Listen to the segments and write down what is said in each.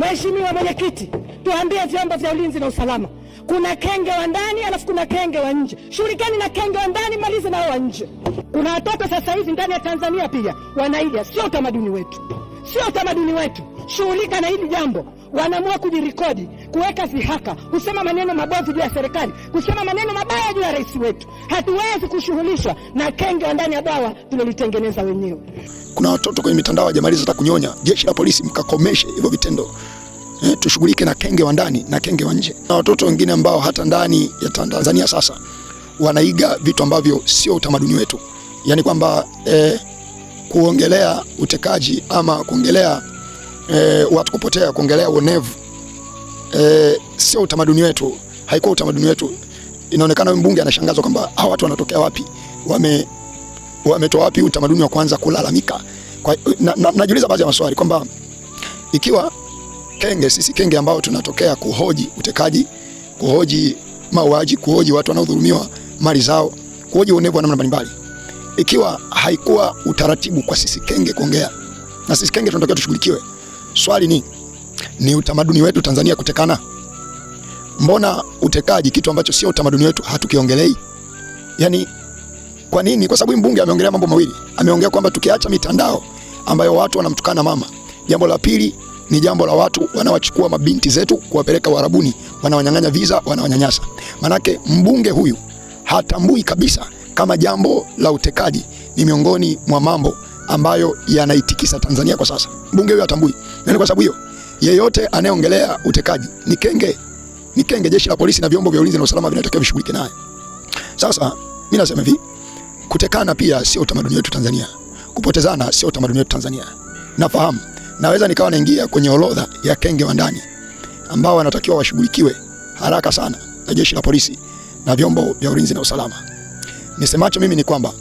Mheshimiwa Mwenyekiti, tuambie vyombo vya ulinzi na usalama, kuna kenge wa ndani alafu kuna kenge wa nje. Shughulikani na kenge wa ndani, malize nao wa nje. Kuna watoto sasa hivi ndani ya Tanzania pia wanaiga, sio utamaduni wetu, sio utamaduni wetu. Shughulika na hili jambo. Wanaamua kujirekodi, kuweka zihaka, kusema maneno mabovu juu ya serikali, kusema maneno mabaya juu ya rais wetu. Hatuwezi kushughulishwa na kenge wa ndani ya dawa tulilitengeneza wenyewe. Kuna watoto kwenye mitandao hawajamaliza hata kunyonya. Jeshi la polisi, mkakomeshe hivyo vitendo. Eh, tushughulike na kenge wa ndani na kenge wa nje na watoto wengine ambao hata ndani ya Tanzania sasa wanaiga vitu ambavyo sio utamaduni wetu, yaani kwamba eh, kuongelea utekaji ama kuongelea eh, watu kupotea, kuongelea uonevu eh, sio utamaduni wetu, haikuwa utamaduni wetu. Inaonekana mbunge anashangazwa kwamba hawa watu wanatokea wapi, wame wametoa wapi utamaduni wa kwanza kulalamika. Kwa, na, na, najiuliza baadhi ya maswali kwamba ikiwa kenge sisi kenge ambao tunatokea kuhoji utekaji, kuhoji mauaji, kuhoji watu wanaodhulumiwa mali zao, kuoji uonevu wa namna mbalimbali. Ikiwa haikuwa utaratibu kwa sisi kenge kuongea, na sisi kenge tunatakiwa tushughulikiwe. Swali ni ni utamaduni wetu Tanzania kutekana? Mbona utekaji kitu ambacho sio utamaduni wetu hatukiongelei? Yani kwa nini? Kwa sababu mbunge ameongelea mambo mawili. Ameongea kwamba tukiacha mitandao ambayo watu wanamtukana mama, jambo la pili ni jambo la watu wanawachukua mabinti zetu kuwapeleka Uarabuni, wanawanyang'anya visa, wanawanyanyasa. Manake mbunge huyu hatambui kabisa kama jambo la utekaji ni miongoni mwa mambo ambayo yanaitikisa Tanzania kwa sasa. Mbunge huyo hatambui, Na yaani kwa sababu hiyo yeyote anayeongelea utekaji ni kenge, ni kenge. Jeshi la polisi na vyombo vya ulinzi na usalama vinatakiwa vishughulike naye. Sasa mimi nasema hivi, kutekana pia sio utamaduni wetu Tanzania, kupotezana sio utamaduni wetu Tanzania. Nafahamu naweza nikawa naingia kwenye orodha ya kenge wa ndani ambao wanatakiwa washughulikiwe haraka sana na jeshi la polisi na vyombo vya ulinzi na usalama. Nisemacho mimi ni kwamba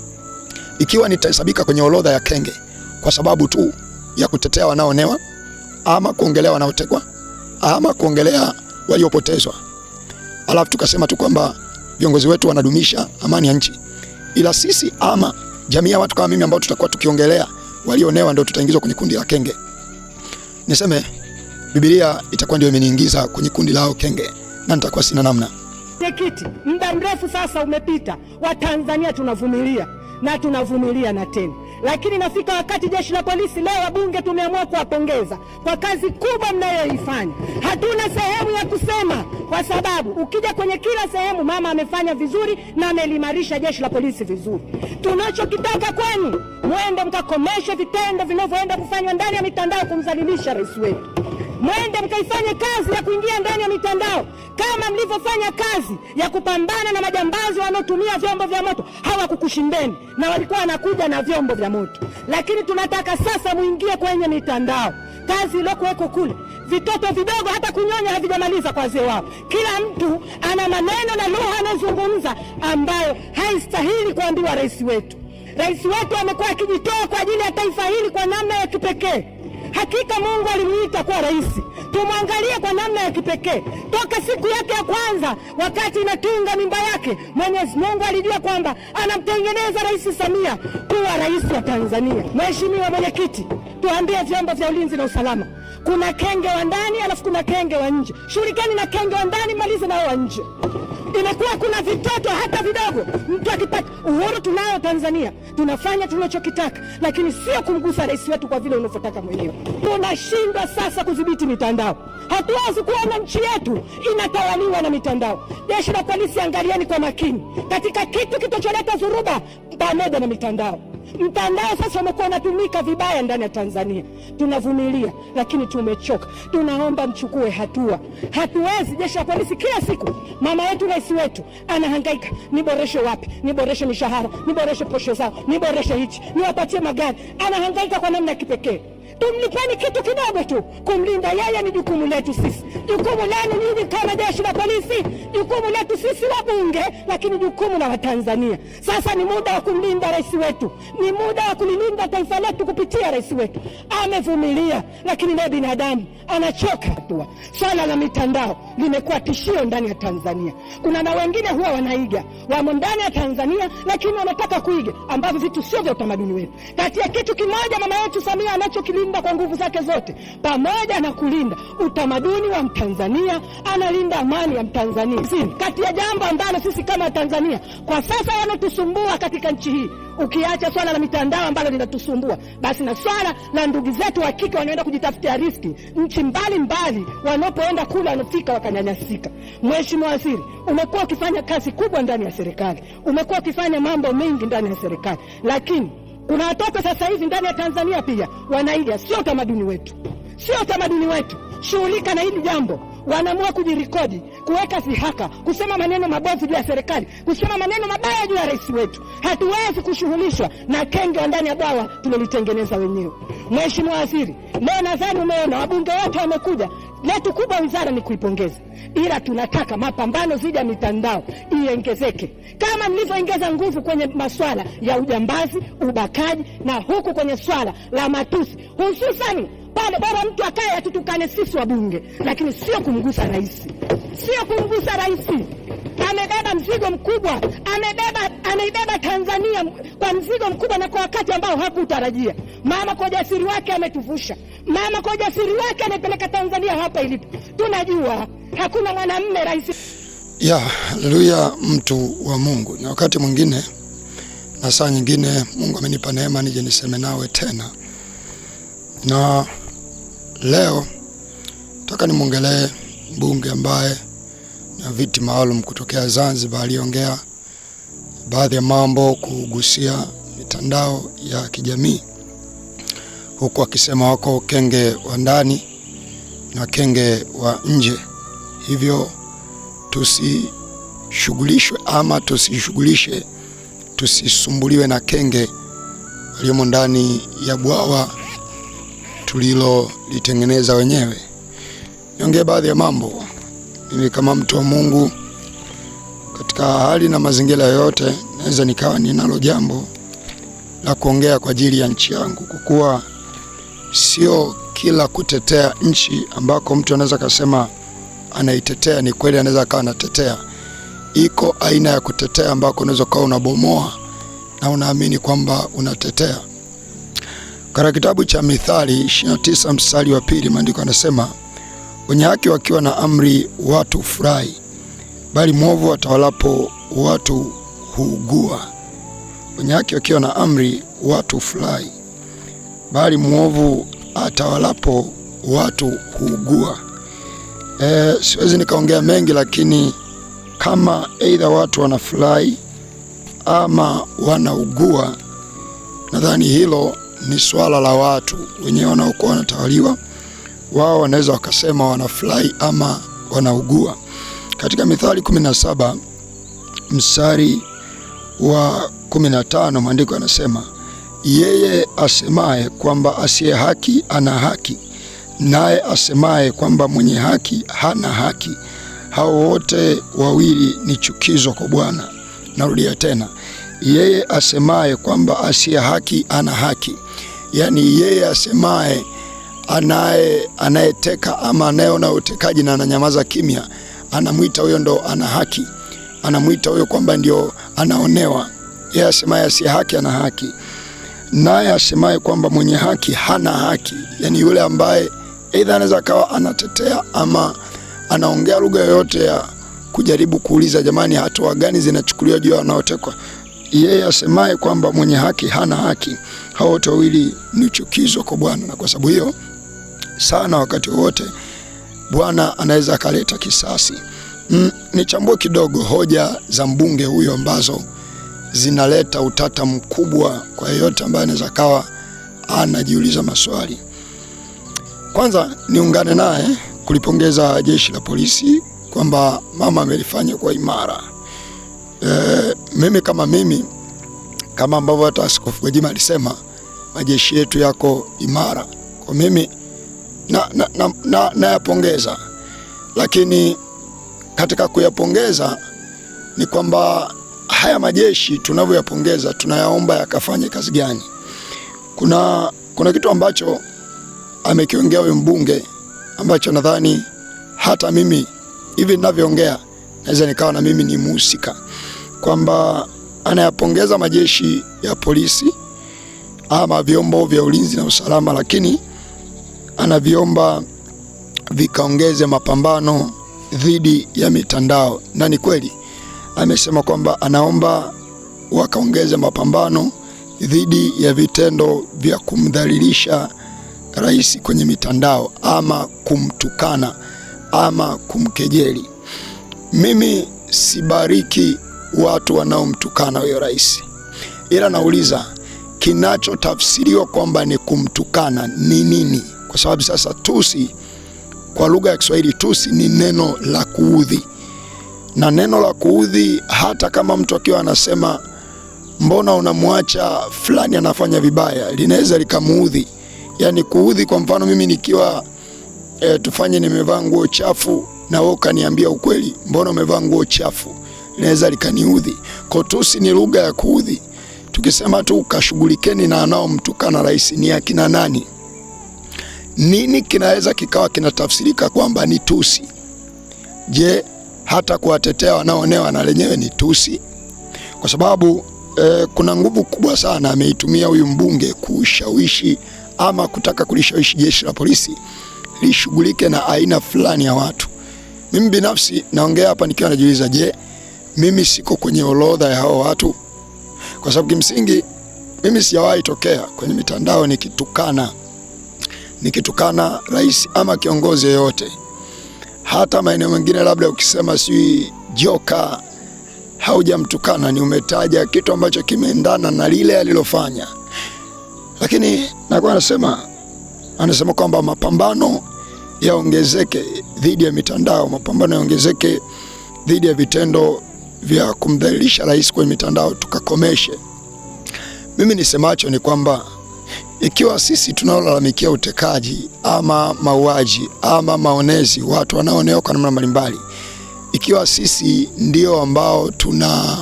ikiwa nitahesabika kwenye orodha ya kenge kwa sababu tu ya kutetea wanaonewa ama kuongelea wanaotekwa ama kuongelea waliopotezwa, alafu tukasema tu kwamba viongozi wetu wanadumisha amani ya nchi, ila sisi ama jamii ya watu kama mimi ambao tutakuwa tukiongelea walionewa ndio tutaingizwa kwenye kundi la kenge, niseme Biblia itakuwa ndio imeniingiza kwenye kundi lao kenge na nitakuwa sina namna. Mwenyekiti, muda mrefu sasa umepita, Watanzania tunavumilia na tunavumilia na tena, lakini nafika wakati jeshi la polisi leo, wabunge tumeamua kuwapongeza kwa kazi kubwa mnayoifanya. Hatuna sehemu ya kusema, kwa sababu ukija kwenye kila sehemu mama amefanya vizuri na ameliimarisha jeshi la polisi vizuri. Tunachokitaka kwenu, mwende mkakomeshe vitendo vinavyoenda kufanywa ndani ya mitandao kumdhalilisha rais wetu mwende mkaifanye kazi ya kuingia ndani ya mitandao kama mlivyofanya kazi ya kupambana na majambazi wanaotumia vyombo vya moto. Hawakukushindeni na walikuwa wanakuja na vyombo vya moto, lakini tunataka sasa muingie kwenye mitandao, kazi iliyokuweko kule. Vitoto vidogo hata kunyonya havijamaliza kwa wazee wao. Kila mtu ana maneno na lugha anayozungumza ambayo haistahili kuambiwa rais wetu. Rais wetu amekuwa akijitoa kwa ajili ya taifa hili kwa namna ya kipekee. Hakika Mungu alimuita kuwa rais, tumwangalie kwa namna ya kipekee. Toka siku yake ya kwanza, wakati inatunga mimba yake, Mwenyezi Mungu alijua kwamba anamtengeneza Rais Samia kuwa rais wa Tanzania. Mheshimiwa Mwenyekiti, tuambie vyombo vya ulinzi na usalama, kuna kenge wa ndani alafu kuna kenge wa nje. Shughulikani na kenge wa ndani, malize nao wa nje. Imekuwa kuna vitoto hata vidogo, mtu akipata uhuru. Tunayo Tanzania, tunafanya tunachokitaka, lakini sio kumgusa rais wetu kwa vile unavyotaka mwenyewe. Tunashindwa sasa kudhibiti mitandao, hatuwezi kuona nchi yetu inatawaliwa na mitandao. Jeshi la polisi, angalieni kwa makini katika kitu kitocholeta dhuruba pamoja na mitandao. Mtandao sasa umekuwa unatumika vibaya ndani ya Tanzania. Tunavumilia, lakini tumechoka. Tunaomba mchukue hatua. Hatuwezi jeshi la polisi kila siku, mama yetu rais wetu anahangaika, niboreshe wapi, niboreshe mishahara, niboreshe posho zao, niboreshe hichi, niwapatie magari. Anahangaika kwa namna ya kipekee tumlipeni kitu kidogo tu. Kumlinda yeye ni jukumu letu sisi, jukumu lenu nyinyi kama jeshi la polisi, jukumu letu sisi wa bunge, lakini jukumu la Watanzania. Sasa ni muda wa kumlinda rais wetu, ni muda wa kulilinda taifa letu kupitia rais wetu. Amevumilia, lakini naye binadamu anachoka tu. Swala la mitandao limekuwa tishio ndani ya Tanzania. Kuna na wengine huwa wanaiga, wamo ndani ya Tanzania, lakini wanataka kuiga ambavyo vitu sio vya utamaduni wetu. Kati ya kitu kimoja mama yetu Samia anachokilinda analinda kwa nguvu zake zote, pamoja na kulinda utamaduni wa Mtanzania, analinda amani ya Mtanzania. Kati ya jambo ambalo sisi kama Tanzania kwa sasa yanatusumbua katika nchi hii, ukiacha swala la mitandao ambalo linatusumbua, basi na swala la ndugu zetu wa kike wanaenda kujitafutia riski nchi mbalimbali, wanapoenda kule wanafika wakanyanyasika. Mheshimiwa Waziri, umekuwa ukifanya kazi kubwa ndani ya serikali, umekuwa ukifanya mambo mengi ndani ya serikali, lakini kuna watoto sasa hivi ndani ya Tanzania pia wanaiga. Sio utamaduni wetu, sio utamaduni wetu. Shughulika na hili jambo. Wanaamua kujirekodi, kuweka sihaka, kusema maneno mabovu juu ya serikali, kusema maneno mabaya juu ya rais wetu. Hatuwezi kushughulishwa na kenge wa ndani ya bwawa, tulilitengeneza wenyewe. Mheshimiwa Waziri, leo nadhani umeona wabunge wote wamekuja letu kubwa wizara ni kuipongeza, ila tunataka mapambano dhidi ya mitandao iongezeke, kama mlivyoongeza nguvu kwenye masuala ya ujambazi, ubakaji na huku kwenye swala la matusi, hususani pale bora mtu akaye atutukane sisi wabunge, lakini sio kumgusa rais, sio kumgusa rais amebeba mzigo mkubwa, amebeba ameibeba Tanzania kwa mzigo mkubwa na kwa wakati ambao hakutarajia. Mama kwa ujasiri wake ametuvusha, mama kwa ujasiri wake amepeleka Tanzania hapa ilipo. Tunajua hakuna mwanamme rais ya haleluya, mtu wa Mungu. Na wakati mwingine na saa nyingine Mungu amenipa neema nije niseme nawe tena, na leo nataka nimwongelee mbunge ambaye na viti maalum kutokea Zanzibar. Aliongea baadhi ya mambo kugusia mitandao ya kijamii, huku akisema wako kenge wa ndani na kenge wa nje, hivyo tusishughulishwe ama tusishughulishe, tusisumbuliwe na kenge waliomo ndani ya bwawa tulilolitengeneza wenyewe. Niongee baadhi ya mambo mimi kama mtu wa Mungu katika hali na mazingira yote, naweza nikawa ninalo jambo la kuongea kwa ajili ya nchi yangu, kwa kuwa sio kila kutetea nchi ambako mtu anaweza kasema anaitetea ni kweli, anaweza akawa anatetea. Iko aina ya kutetea ambako unaweza ukawa unabomoa na unaamini kwamba unatetea. Katika kitabu cha Mithali 29 mstari wa pili, maandiko anasema wenye haki wakiwa na amri watu furahi bali mwovu atawalapo watu huugua. Wenye haki wakiwa na amri watu furahi bali mwovu atawalapo watu huugua. E, siwezi nikaongea mengi, lakini kama aidha watu wanafurahi ama wanaugua, nadhani hilo ni swala la watu wenyewe wanaokuwa wanatawaliwa wao wanaweza wakasema wanafurahi ama wanaugua. Katika Mithali 17 mstari wa 15 maandiko yanasema, yeye asemaye kwamba asiye haki ana haki, naye asemaye kwamba mwenye haki hana haki, hao wote wawili ni chukizo kwa Bwana. Narudia tena, yeye asemaye kwamba asiye haki ana haki, yaani yeye asemaye anaye anayeteka ama anayeona utekaji na ananyamaza kimya, anamwita huyo ndo ana haki, anamwita huyo kwamba ndio anaonewa. Yeye asemaye asiye haki ana haki, naye asemaye kwamba mwenye haki hana haki, yani yule ambaye aidha anaweza akawa anatetea ama anaongea lugha yoyote ya kujaribu kuuliza, jamani, hatua gani zinachukuliwa juu wanaotekwa? Yeye asemaye kwamba mwenye haki hana haki, hao wote wawili ni chukizo kwa Bwana, na kwa sababu hiyo sana wakati wowote. Bwana anaweza akaleta kisasi. Mm, nichambue kidogo hoja za mbunge huyo ambazo zinaleta utata mkubwa kwa yeyote ambaye anaweza kawa anajiuliza maswali. Kwanza niungane naye kulipongeza jeshi la polisi kwamba mama amelifanya kwa imara. E, mimi kama mimi kama ambavyo hata Askofu Gwajima alisema majeshi yetu yako imara. Kwa mimi nayapongeza na, na, na, lakini katika kuyapongeza ni kwamba haya majeshi tunavyoyapongeza tunayaomba yakafanye kazi gani? Kuna, kuna kitu ambacho amekiongea huyu mbunge ambacho nadhani hata mimi hivi ninavyoongea naweza nikawa na mimi ni mhusika, kwamba anayapongeza majeshi ya polisi ama vyombo vya ulinzi na usalama, lakini anaviomba vikaongeze mapambano dhidi ya mitandao, na ni kweli amesema kwamba anaomba wakaongeze mapambano dhidi ya vitendo vya kumdhalilisha rais kwenye mitandao ama kumtukana ama kumkejeli. Mimi sibariki watu wanaomtukana huyo rais, ila nauliza kinachotafsiriwa kwamba ni kumtukana ni nini? kwa sababu sasa tusi kwa lugha ya Kiswahili tusi ni neno la kuudhi, na neno la kuudhi, hata kama mtu akiwa anasema mbona unamwacha fulani anafanya vibaya, linaweza likamuudhi. Yani kuudhi, kwa mfano mimi nikiwa e, tufanye nimevaa nguo chafu na wewe ukaniambia ukweli, mbona umevaa nguo chafu, linaweza likaniudhi. Kwa tusi ni lugha ya kuudhi. Tukisema tu kashughulikeni na anaomtukana rais, ni akina nani? nini kinaweza kikawa kinatafsirika kwamba ni tusi? Je, hata kuwatetea wanaoonewa na lenyewe ni tusi? Kwa sababu eh, kuna nguvu kubwa sana ameitumia huyu mbunge kushawishi ama kutaka kulishawishi jeshi la polisi lishughulike na aina fulani ya watu. Mimi binafsi naongea hapa nikiwa najiuliza, je, mimi siko kwenye orodha ya hao watu? Kwa sababu kimsingi mimi sijawahi tokea kwenye mitandao nikitukana nikitukana rais ama kiongozi yoyote, hata maeneo mengine, labda ukisema sijui joka, haujamtukana, ni umetaja kitu ambacho kimeendana na lile alilofanya. Lakini nakuwa anasema anasema kwamba mapambano yaongezeke dhidi ya mitandao, mapambano yaongezeke dhidi ya vitendo vya kumdhalilisha rais kwenye mitandao, tukakomeshe. Mimi nisemacho ni kwamba ikiwa sisi tunaolalamikia utekaji ama mauaji ama maonezi, watu wanaoonewa kwa namna mbalimbali, ikiwa sisi ndio ambao tuna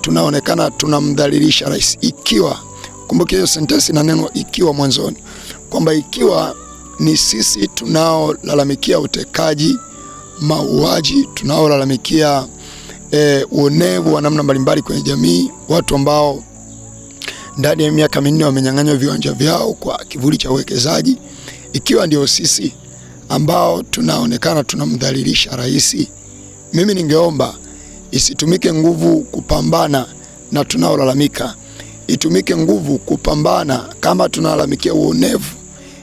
tunaonekana tunamdhalilisha rais, ikiwa kumbuka hiyo sentensi na neno ikiwa mwanzoni, kwamba ikiwa ni sisi tunaolalamikia utekaji, mauaji, tunaolalamikia e, uonevu wa namna mbalimbali kwenye jamii, watu ambao ndani ya miaka minne wamenyang'anywa viwanja vyao kwa kivuli cha uwekezaji, ikiwa ndio sisi ambao tunaonekana tunamdhalilisha rais. Mimi ningeomba isitumike nguvu kupambana na tunaolalamika, itumike nguvu kupambana kama tunalalamikia uonevu,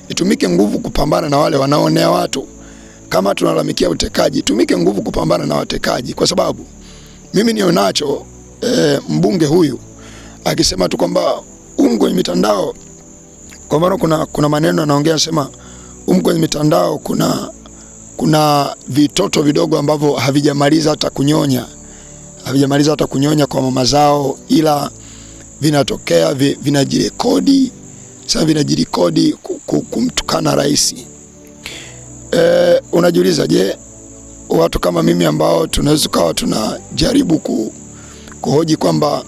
itumike nguvu kupambana na wale wanaoonea watu. Kama tunalalamikia utekaji, itumike nguvu kupambana na watekaji, kwa sababu mimi nionacho e, mbunge huyu akisema tu kwamba umu kwenye mitandao, kwa mfano kuna, kuna maneno anaongea sema umu kwenye mitandao kuna, kuna vitoto vidogo ambavyo havijamaliza hata kunyonya havijamaliza hata kunyonya kwa mama zao, ila vinatokea vinajirekodi sasa, vinajirekodi kumtukana rais. E, unajiuliza je, watu kama mimi ambao tunaweza kawa tunajaribu ku, kuhoji kwamba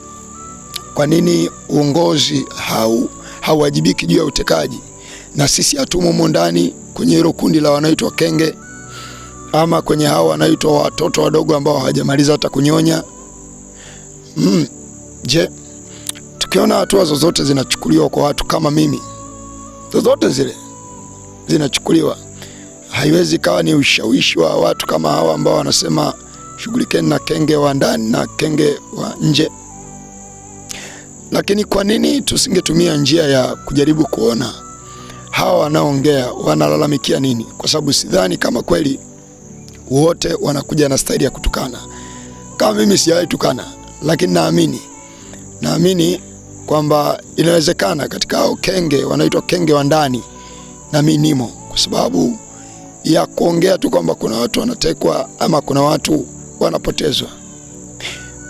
kwa nini uongozi hau hauwajibiki juu ya utekaji? Na sisi hatumo humo ndani kwenye hilo kundi la wanaoitwa kenge ama kwenye hao wanaoitwa watoto wadogo ambao hawajamaliza hata kunyonya. Mm, je, tukiona hatua zozote zinachukuliwa kwa watu kama mimi, zozote zile zinachukuliwa, haiwezi kawa ni ushawishi wa watu kama hawa ambao wanasema shughulikeni na kenge wa ndani na kenge wa nje. Lakini kwa nini tusingetumia njia ya kujaribu kuona hawa wanaongea wanalalamikia nini? Kwa sababu sidhani kama kweli wote wanakuja na staili ya kutukana. Kama mimi sijawahi tukana, lakini naamini naamini kwamba inawezekana katika hao kenge wanaitwa kenge wa ndani, na mimi nimo, kwa sababu ya kuongea tu kwamba kuna watu wanatekwa ama kuna watu wanapotezwa.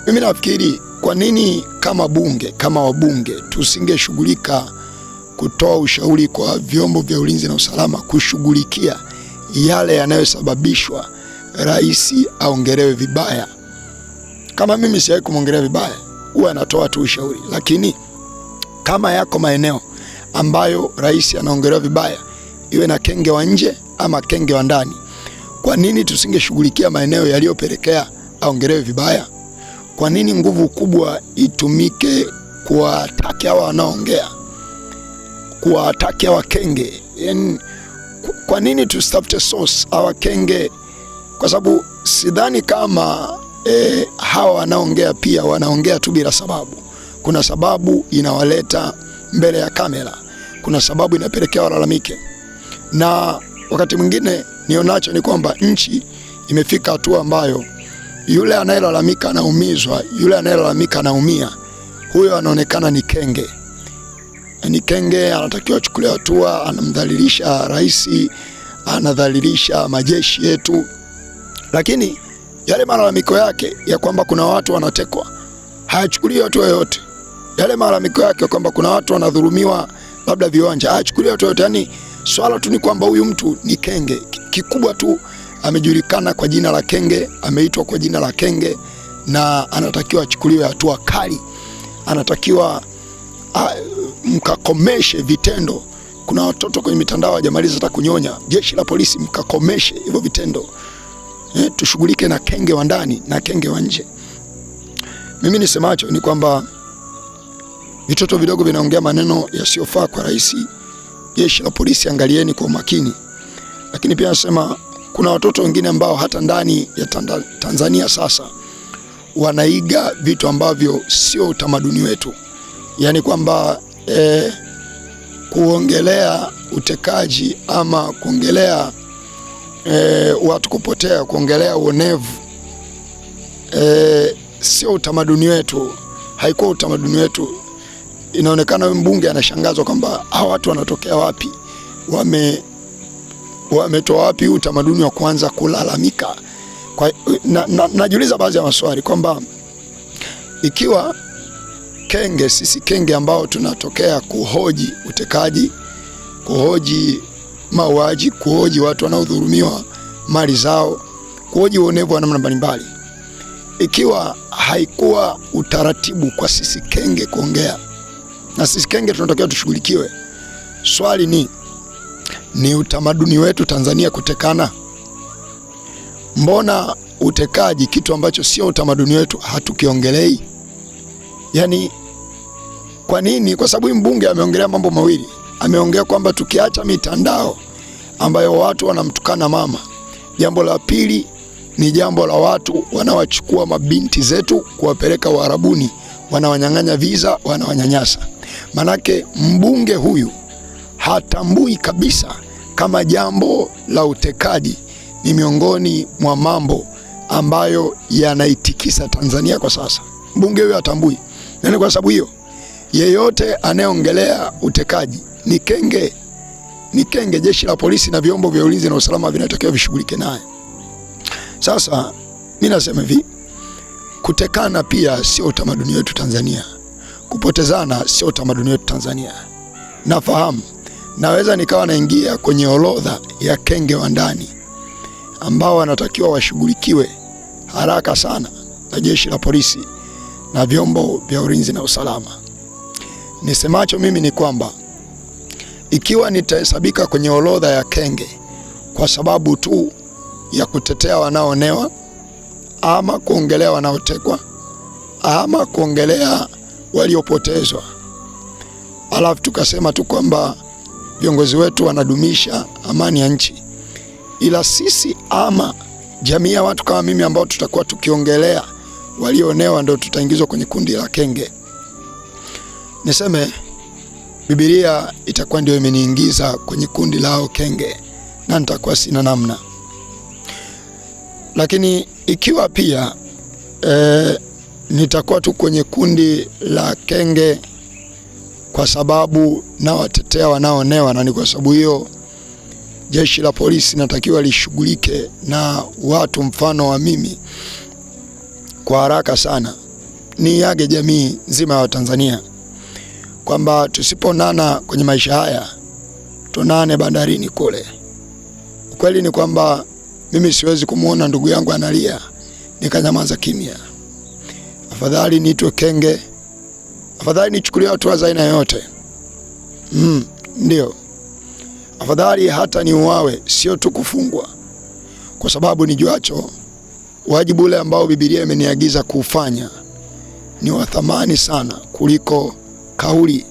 Mimi nafikiri kwa nini kama bunge kama wabunge tusingeshughulika kutoa ushauri kwa vyombo vya ulinzi na usalama kushughulikia yale yanayosababishwa rais aongelewe vibaya? Kama mimi siwahi kumwongelea vibaya, huwa anatoa tu ushauri, lakini kama yako maeneo ambayo rais anaongelewa vibaya, iwe na kenge wa nje ama kenge wa ndani, kwa nini tusingeshughulikia maeneo yaliyopelekea aongelewe vibaya? Kwa nini nguvu kubwa itumike kuwataki hawa wanaongea, kuwataki hawa kenge? Yani, kwa nini tusitafute source hawa kenge? Kwa sababu sidhani kama e, hawa wanaongea pia wanaongea tu bila sababu. Kuna sababu inawaleta mbele ya kamera, kuna sababu inapelekea walalamike, na wakati mwingine nionacho ni kwamba nchi imefika hatua ambayo yule anayelalamika anaumizwa, yule anayelalamika anaumia. Huyo anaonekana ni kenge, ni kenge, anatakiwa achukulia hatua. Anamdhalilisha rais, anadhalilisha majeshi yetu, lakini yale malalamiko yake ya kwamba kuna watu wanatekwa hayachukuliwi hatua yoyote. Yale malalamiko yake ya kwamba kuna watu wanadhulumiwa labda viwanja hayachukuliwi hatua yoyote. Yani swala tu ni kwamba huyu mtu ni kenge kikubwa tu amejulikana kwa jina la Kenge, ameitwa kwa jina la Kenge na anatakiwa achukuliwe hatua kali, anatakiwa a, mkakomeshe vitendo. Kuna watoto kwenye mitandao hajamaliza hata kunyonya. Jeshi la polisi, mkakomeshe hivyo vitendo e, tushughulike na Kenge wa ndani na Kenge wa nje. Mimi nisemacho ni kwamba vitoto vidogo vinaongea maneno yasiyofaa kwa rais. Jeshi la polisi, angalieni kwa umakini, lakini pia nasema kuna watoto wengine ambao hata ndani ya Tanzania sasa wanaiga vitu ambavyo sio utamaduni wetu, yaani kwamba eh, kuongelea utekaji ama kuongelea eh, watu kupotea, kuongelea uonevu eh, sio utamaduni wetu, haikuwa utamaduni wetu. Inaonekana huyu mbunge anashangazwa kwamba hawa watu wanatokea wapi, wame wametoa wapi utamaduni wa kuanza kulalamika? Kwa, eh, na, na, najiuliza baadhi ya maswali kwamba ikiwa kenge sisi kenge ambao tunatokea kuhoji utekaji, kuhoji mauaji, kuhoji watu wanaodhulumiwa mali zao, kuhoji uonevu wa namna mbalimbali, ikiwa haikuwa utaratibu kwa sisi kenge kuongea na sisi kenge tunatokea tushughulikiwe, swali ni ni utamaduni wetu Tanzania kutekana? Mbona utekaji kitu ambacho sio utamaduni wetu hatukiongelei? Yaani kwa nini? Kwa sababu mbunge ameongelea mambo mawili. Ameongea kwamba tukiacha mitandao ambayo watu wanamtukana mama, jambo la pili ni jambo la watu wanawachukua mabinti zetu kuwapeleka Uarabuni, wanawanyang'anya visa, wanawanyanyasa. Manake mbunge huyu hatambui kabisa kama jambo la utekaji ni miongoni mwa mambo ambayo yanaitikisa Tanzania kwa sasa. Mbunge huyo atambui nani? Kwa sababu hiyo yeyote anayeongelea utekaji ni kenge, ni kenge. Jeshi la polisi na vyombo vya ulinzi na usalama vinatakiwa vishughulike naye. Sasa mimi nasema hivi, kutekana pia sio utamaduni wetu Tanzania, kupotezana sio utamaduni wetu Tanzania, nafahamu naweza nikawa naingia kwenye orodha ya kenge wa ndani ambao wanatakiwa washughulikiwe haraka sana na jeshi la polisi na vyombo vya ulinzi na usalama. Nisemacho mimi ni kwamba ikiwa nitahesabika kwenye orodha ya kenge kwa sababu tu ya kutetea wanaonewa ama kuongelea wanaotekwa ama kuongelea waliopotezwa, alafu tukasema tu kwamba viongozi wetu wanadumisha amani ya nchi, ila sisi ama jamii ya watu kama mimi ambao tutakuwa tukiongelea walioonewa ndio tutaingizwa kwenye kundi la kenge. Niseme Biblia itakuwa ndio imeniingiza kwenye kundi lao kenge, na nitakuwa sina namna. Lakini ikiwa pia e, nitakuwa tu kwenye kundi la kenge kwa sababu nawatetea wanaoonewa, na ni kwa sababu hiyo jeshi la polisi natakiwa lishughulike na watu mfano wa mimi kwa haraka sana. Ni yage jamii nzima ya Watanzania kwamba tusiponana kwenye maisha haya tunane bandarini kule. Ukweli ni kwamba mimi siwezi kumwona ndugu yangu analia nikanyamaza kimya, afadhali niitwe kenge afadhali nichukulia hatua za aina yoyote. Mm, ndio afadhali hata ni uwawe sio tu kufungwa, kwa sababu nijuacho wajibu ule ambao Biblia imeniagiza kuufanya ni wa thamani sana kuliko kauli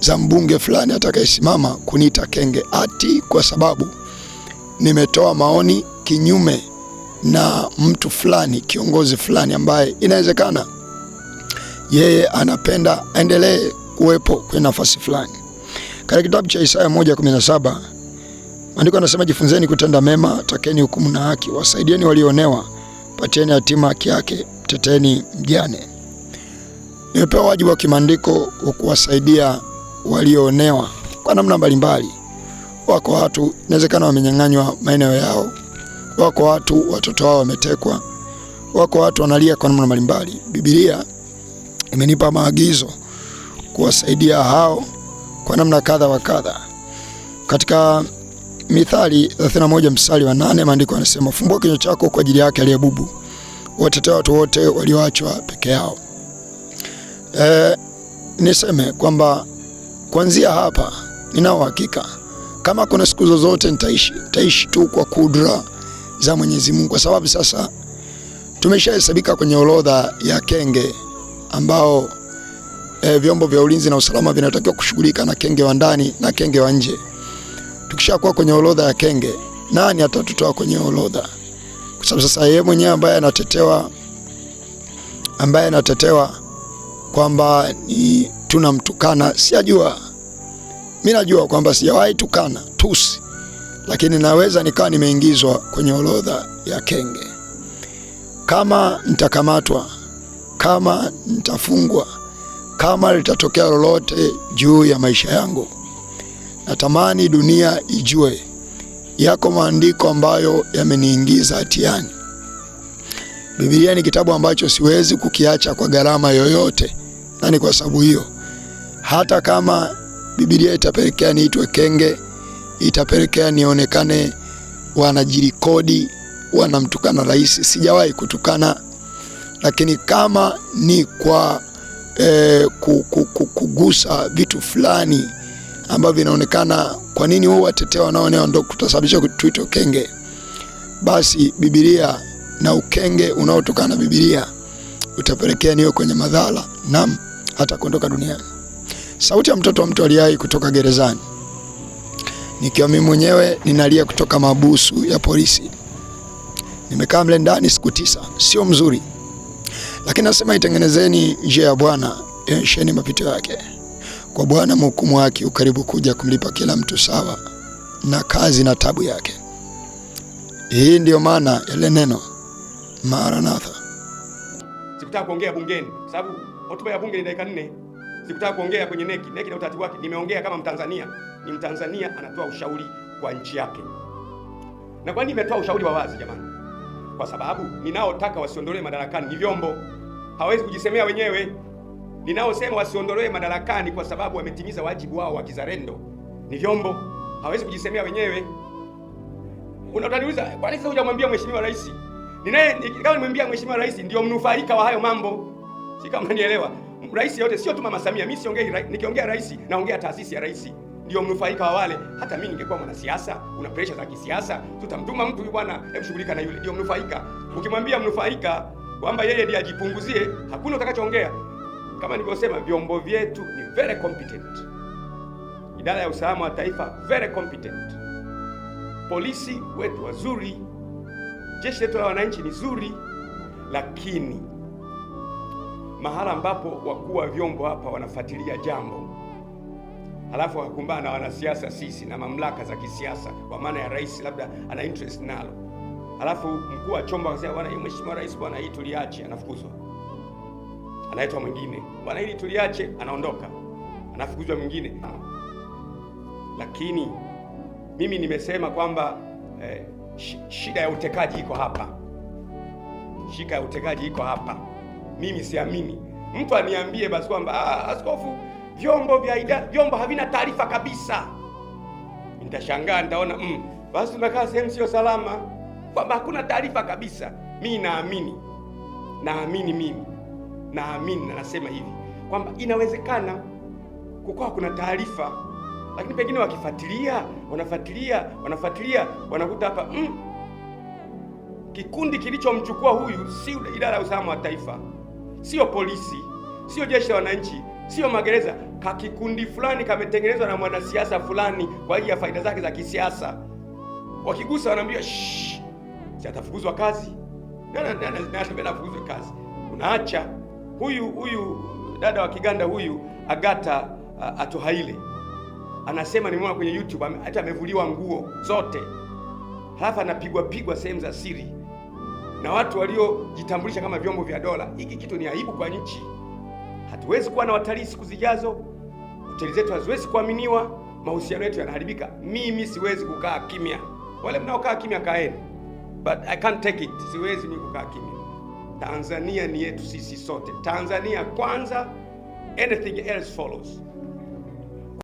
za mbunge fulani atakayesimama kuniita kenge ati kwa sababu nimetoa maoni kinyume na mtu fulani, kiongozi fulani ambaye inawezekana yeye anapenda aendelee kuwepo kwenye nafasi fulani. Katika kitabu cha Isaya 1:17 maandiko anasema jifunzeni kutenda mema, takeni hukumu na haki, wasaidieni walioonewa, patieni yatima haki yake, teteni mjane. Nimepewa wajibu wa kimaandiko wa kuwasaidia walioonewa kwa namna mbalimbali. Wako watu inawezekana wamenyang'anywa maeneo yao, wako watu watoto wao wametekwa, wako watu wanalia kwa namna mbalimbali. Biblia imenipa maagizo kuwasaidia hao kwa namna kadha wa kadha. Katika Mithali 31 mstari wa nane maandiko yanasema, fumbua kinywa chako kwa ajili yake aliye bubu, watetea watu wote walioachwa peke yao. E, niseme kwamba kuanzia hapa ninao uhakika kama kuna siku zozote nitaishi, nitaishi tu kwa kudra za Mwenyezi Mungu, kwa sababu sasa tumeshahesabika kwenye orodha ya kenge ambao e, vyombo vya ulinzi na usalama vinatakiwa kushughulika na kenge wa ndani na kenge wa nje. Tukishakuwa kwenye orodha ya kenge, nani atatutoa kwenye orodha? Kwa sababu sasa yeye mwenyewe ambaye anatetewa ambaye anatetewa kwamba ni tunamtukana, sijajua mimi, najua kwamba sijawahi tukana tusi, lakini naweza nikawa nimeingizwa kwenye orodha ya kenge. Kama nitakamatwa kama nitafungwa, kama litatokea lolote juu ya maisha yangu. Natamani dunia ijue yako maandiko ambayo yameniingiza hatiani. Biblia ni kitabu ambacho siwezi kukiacha kwa gharama yoyote, na ni kwa sababu hiyo, hata kama Biblia itapelekea niitwe kenge, itapelekea nionekane wanajirikodi, wanamtukana rais, sijawahi kutukana lakini kama ni kwa eh, kugusa vitu fulani ambavyo vinaonekana, kwa nini huwa watetea wanaoonea ndo kutasababisha kutuitwa ukenge? Basi Biblia na ukenge unaotokana na Biblia utapelekea niyo kwenye madhara, nam hata kuondoka duniani. Sauti ya mtoto wa mtu aliai kutoka gerezani, nikiwa mimi mwenyewe ninalia kutoka mabusu ya polisi. Nimekaa mle ndani siku tisa, sio mzuri. Lakini nasema itengenezeni njia ya Bwana, yonyesheni mapito yake, kwa Bwana mhukumu wake ukaribu kuja kumlipa kila mtu sawa na kazi na tabu yake. Hii ndiyo maana ile neno Maranatha. Sikutaka kuongea bungeni sababu hotuba ya bunge ni dakika nne. Sikutaka kuongea kwenye neki neki na utaratibu wake. Nimeongea kama Mtanzania, ni Mtanzania anatoa ushauri kwa nchi yake. Na kwa nini nimetoa ushauri wa wazi jamani? Kwa sababu ninaotaka wasiondolewe madarakani ni vyombo hawezi kujisemea wenyewe. Ninaosema wasiondolewe madarakani kwa sababu wametimiza wajibu wao wa kizalendo ni vyombo, hawezi kujisemea wenyewe. Unataniuliza, kwa nini hujamwambia mheshimiwa rais? Ninaye kama nimwambia mheshimiwa rais ndio mnufaika wa hayo mambo, si kama nielewa. Rais yote sio tu mama Samia. Mimi siongei, nikiongea rais naongea taasisi ya rais ndio mnufaika wa wale. Hata mimi ningekuwa mwanasiasa, una pressure za kisiasa, tutamtuma mtu bwana, hebu shughulika na yule, ndio mnufaika. Ukimwambia mnufaika kwamba yeye ndiye ajipunguzie, hakuna utakachoongea. Kama nilivyosema, vyombo vyetu ni very competent, idara ya usalama wa taifa very competent, polisi wetu wazuri, jeshi letu la wananchi ni zuri, lakini mahala ambapo wakuu wa vyombo hapa wanafuatilia jambo halafu wakakumbana na wanasiasa, sisi na mamlaka za kisiasa, kwa maana ya rais labda ana interest nalo Alafu mkuu wa chombo akasema, bwana, hii mheshimiwa rais, bwana, hii tuliache. Anafukuzwa, anaitwa mwingine, bwana, hili tuliache. Anaondoka, anafukuzwa mwingine. Lakini mimi nimesema kwamba eh, shida ya utekaji iko hapa, shida ya utekaji iko hapa. Mimi siamini mtu aniambie basi kwamba ah, askofu, vyombo vya ida, vyombo havina taarifa kabisa. Nitashangaa, nitaona mm, basi tumekaa sehemu sio salama kwamba hakuna taarifa kabisa. Mimi naamini, naamini mimi naamini na nasema hivi kwamba inawezekana kukawa kuna taarifa, lakini pengine wakifuatilia, wanafuatilia, wanafuatilia, wanakuta hapa mm, kikundi kilichomchukua huyu si idara ya usalama wa taifa, sio polisi, sio jeshi la wananchi, sio magereza. ka kikundi fulani kametengenezwa na mwanasiasa fulani kwa ajili ya faida zake za kisiasa. Wakigusa wanaambia shh si atafukuzwa kazi afukuzwe kazi. Unaacha huyu huyu dada wa Kiganda huyu Agata uh, Atohaile anasema, nimeona kwenye YouTube hata amevuliwa nguo zote, halafu anapigwa pigwa sehemu za siri na watu waliojitambulisha kama vyombo vya dola. Hiki kitu ni aibu kwa nchi. Hatuwezi kuwa na watalii siku zijazo, hoteli zetu haziwezi kuaminiwa, mahusiano yetu yanaharibika. Mimi siwezi kukaa kimya, wale mnaokaa kimya kaeni but I can't take it. Siwezi mimi kukaa kimya. Tanzania ni yetu sisi sote. Tanzania kwanza, anything else follows.